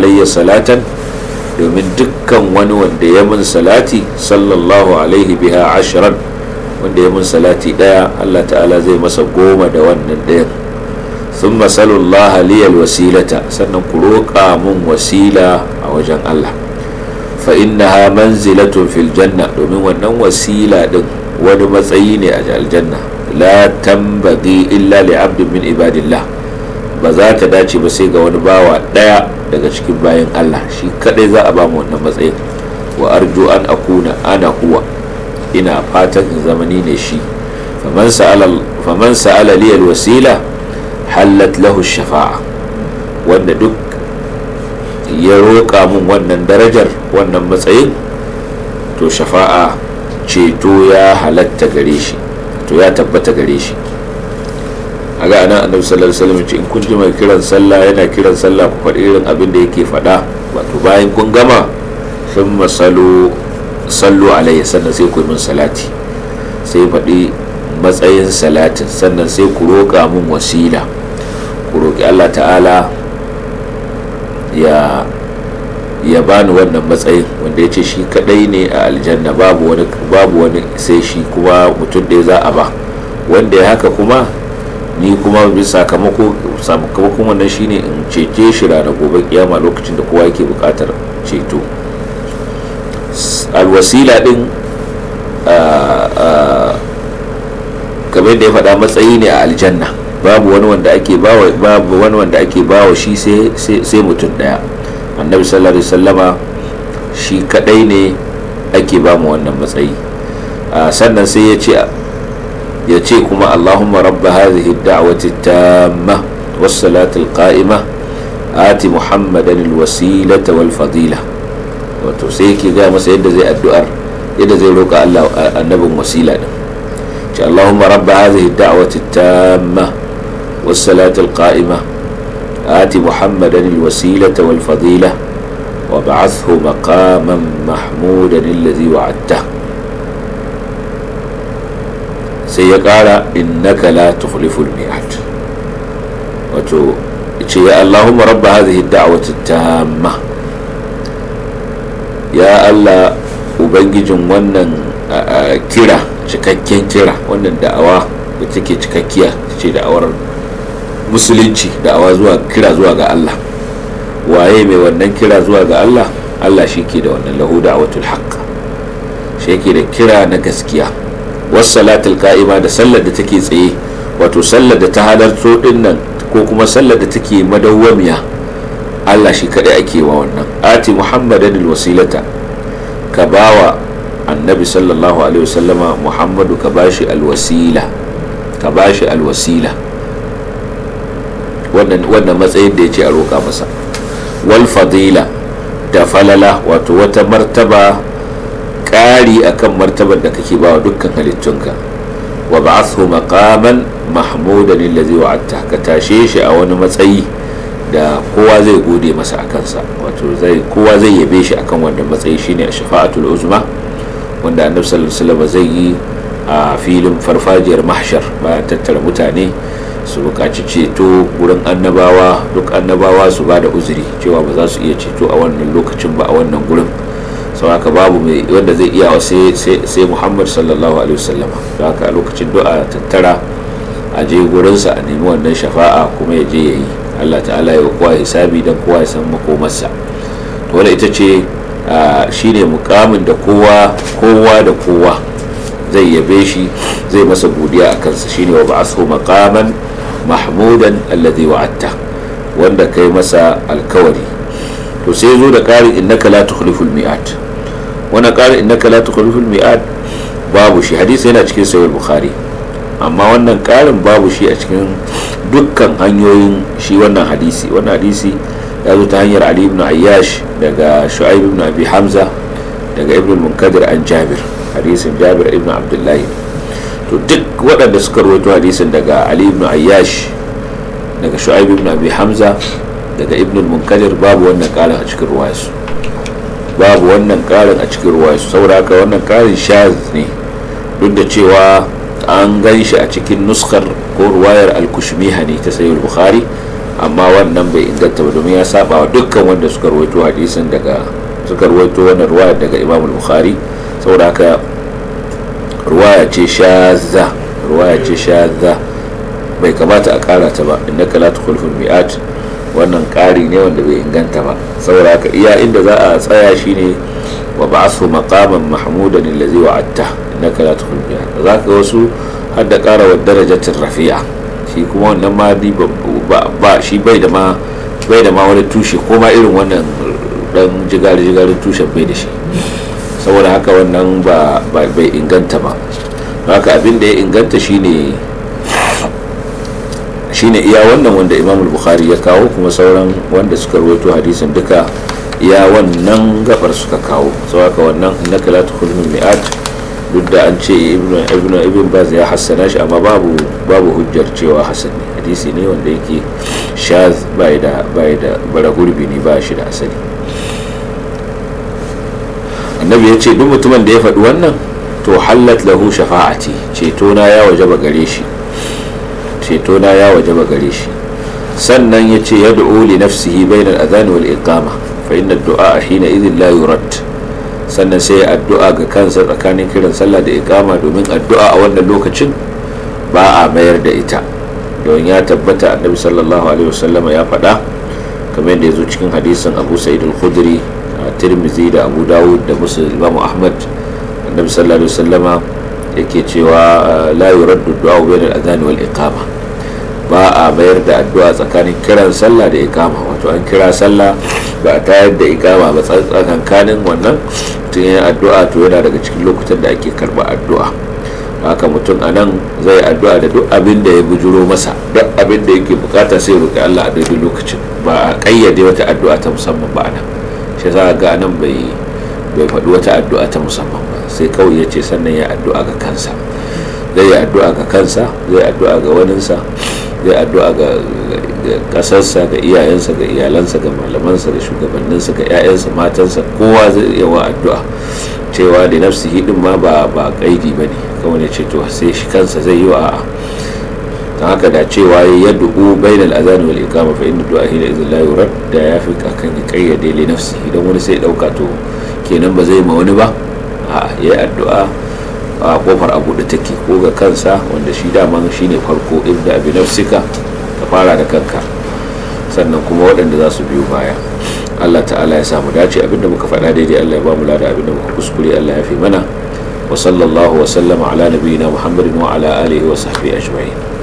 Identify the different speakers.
Speaker 1: alayya salatan domin dukkan wani wanda ya mun salati sallallahu alaihi biha ashiran wanda ya mun salati daya Allah ta'ala zai masa goma da wannan dayan sun masalullaha liyal wasilata sannan ku roƙa mun wasila a wajen Allah fa innaha manzilatun fil janna domin wannan wasila din wani matsayi ne a aljanna la tambagi illa li abdin min ibadillah ba za ta dace ba sai ga wani bawa ɗaya daga cikin bayan Allah shi kadai za a ba mu wannan matsayin wa arju an akuna ana huwa ina fatan in zama ni ne shi faman sa'ala liyal wasila hallat lahu shafa'a wanda duk ya roƙa mun wannan darajar wannan matsayin to shafa'a ceto ya halatta gare shi to ya tabbata gare shi a ga ana annabi sallallahu alaihi wasallam ce in kun ji mai kiran sallah yana kiran sallah ku faɗi irin abin da yake faɗa wato bayan kun gama sun masalo sallu alaihi sannan sai ku yi min salati sai faɗi matsayin salatin sannan sai ku roƙa min wasila ku roƙi Allah ta'ala ya ya bani wannan matsayin wanda ya ce shi kadai ne a aljanna babu wani babu wani sai shi kuma mutum ɗaya za a ba wanda ya haka kuma ni kuma bi sakamako sakamakon wannan shine in cece shi ranar gobe kiyama lokacin da kowa yake bukatar ceto alwasila din kamar da ya faɗa matsayi ne a aljanna babu wani wanda ake bawa babu wani wanda ake bawa shi sai mutum daya annabi sallallahu alaihi wasallama shi kadai ne ake ba mu wannan matsayi sannan sai ya ce ya ce kuma allahumma rabba hadhihi da'wati tamma was salatil qa'ima ati muhammadan alwasilata wal fadila wato sai yake gaya masa yadda zai addu'ar yadda zai roƙa Allah annabin wasila din ce Allahumma rabba hadhihi ad-da'wati at-tamma was-salati al-qa'ima ati Muhammadan al-wasilata wal-fadila wa ba'athhu maqaman mahmudan alladhi wa'adtahu sai ya kara innaka la tukhliful mi'at wato ce ya Allahumma rabba hadhihi ad-da'wati tamma ya Allah ubangijin wannan kira cikakken kira wannan da'awa da take cikakkiya ce da'awar musulunci da'awa zuwa kira zuwa ga Allah waye mai wannan kira zuwa ga Allah Allah shi ke da wannan lahu da'watul haqq shi ke da kira na gaskiya wassalatul ka'ima da sallar da take tsaye wato sallar da ta halarto din nan ko kuma sallar da take madawwamiya Allah shi kadai ake wa wannan ati muhammadan alwasilata ka bawa annabi sallallahu alaihi wasallama muhammadu ka bashi alwasila ka bashi alwasila wannan wannan matsayin da yace a roƙa masa wal fadila da falala wato wata martaba ƙari akan martabar da kake bawa dukkan halittunka wa ba'athu maqaman mahmudan allazi wa'adta ka tashe shi a wani matsayi da kowa zai gode masa a kansa wato zai kowa zai yabe shi akan wannan matsayi shine a shafa'atul uzma wanda annabi sallallahu alaihi zai yi a filin farfajiyar mahshar bayan tattara mutane su buƙaci ceto gurin annabawa duk annabawa su ba da uzuri cewa ba za su iya ceto a wannan lokacin ba a wannan gurin sauraka babu mai wanda zai iya sai muhammad sallallahu alaihi wasallama da haka a lokacin du'a tattara a je gurinsa a nemi wannan shafa'a kuma ya je ya yi allah ta'ala ya kowa hisabi don kowa ya san makomarsa to wanda ita ce shine mukamin da kowa kowa da kowa zai yabe shi zai masa godiya a kansa shine wa ba'asu maqaman mahmudan alladhi wa'atta wanda kai masa alkawari to sai zo da ƙarin innaka la tukhliful mi'at wannan ƙara innaka la tukhliful mi'ad babu shi hadisi yana cikin sayar bukhari amma wannan ƙarin babu shi a cikin dukkan hanyoyin shi wannan hadisi wannan hadisi ya zo ta hanyar ali ibn ayyash daga shu'aib ibn abi hamza daga ibn munkadir an jabir hadisin jabir ibn abdullahi to duk waɗanda suka rawaito hadisin daga ali ibn ayyash daga shu'aib ibn abi hamza daga ibn munkadir babu wannan ƙarin a cikin ruwayarsu babu wannan karin a cikin ruwa su saboda haka wannan karin shaz ne duk da cewa an gan shi a cikin nuskar ko ruwayar alkushmiha ne ta sayi bukhari amma wannan bai inganta ba domin ya saba wa dukkan wanda suka rawaito hadisin daga suka rawaito wannan ruwayar daga imam bukhari saboda haka ruwaya ce shaza ruwaya ce shaza bai kamata a kara ta ba innaka la tukhulful mi'at wannan ƙari ne wanda bai inganta ba saboda haka iya inda za a tsaya shine wa su maƙaman mahmudan atta na karatu la tukhlifu za ka wasu har da ƙara wa darajatin rafi'a shi kuma wannan ma ba shi bai da ma wani tushe ko ma irin wannan dan jigari jigarin tushen bai da shi saboda haka wannan ba bai inganta ba haka abin da ya inganta shine shine iya wannan wanda imam bukhari ya kawo kuma sauran wanda suka rawaito hadisin duka iya wannan gabar suka kawo saboda wannan nakalatu la mi'at duk da an ce ibnu ibn baz ya hassana shi amma babu hujjar cewa hasan ne hadisi ne wanda yake shaz bai da bai da bara gurbi ne ba shi da asali annabi ya ce duk mutumin da ya faɗi wannan to hallat lahu shafa'ati ceto na ya wajaba gare shi ceto na ya wajaba gare shi sannan ya ce ya du'u li nafsihi bainal adhani wal iqama fa inna du'a hina idhin la yurad sannan sai addu'a ga kansa tsakanin kiran sallah da iqama domin addu'a a wannan lokacin ba a mayar da ita don ya tabbata annabi sallallahu alaihi wasallam ya faɗa kamar yadda ya zo cikin hadisin abu sa'id al-khudri a tirmizi da abu dawud da musulman imam ahmad annabi sallallahu alaihi wasallama yake cewa la yuraddu du'a bainal adhani wal iqama ba a mayar da addu'a tsakanin kiran sallah da ikama wato an kira sallah ba a tayar da ikama ba tsakankanin wannan tun yin addu'a to yana daga cikin lokutan da ake karba addu'a haka mutum a nan zai addu'a da duk abin da ya bujuro masa duk abin da yake bukata sai roƙi Allah a daidai lokacin ba a kayyade wata addu'a ta musamman ba nan shi za ga nan bai bai faɗi wata addu'a ta musamman ba sai kawai ya ce sannan ya addu'a ga kansa zai yi addu'a ga kansa zai addu'a ga waninsa zai addu'a ga kasarsa ga iyayensa ga iyalansa ga malamansa da shugabanninsa ga 'ya'yansa matansa kowa zai iya wa addu'a cewa da nafsi hidin ma ba ba kaidi bane kawai ce to sai shi kansa zai yi wa a'a ta haka da cewa ya dubu bainal azan wal iqama fa inna du'a hina idza la yurad da ya fi kakan kayyade li nafsi idan wani sai dauka to kenan ba zai ma wani ba a'a yayi addu'a kofar abu da take ko ga kansa wanda shi daman shi ne farko ibda abi nafsika ka fara da kanka sannan kuma waɗanda za su biyo baya allah ta'ala ya samu dace abinda muka faɗa daidai allah ya ba mu lada abinda muka kuskure allah ya fi mana wa sallallahu wa sallama ala nabiyina muhammadin wa ala alihi wa sahbihi ajma'in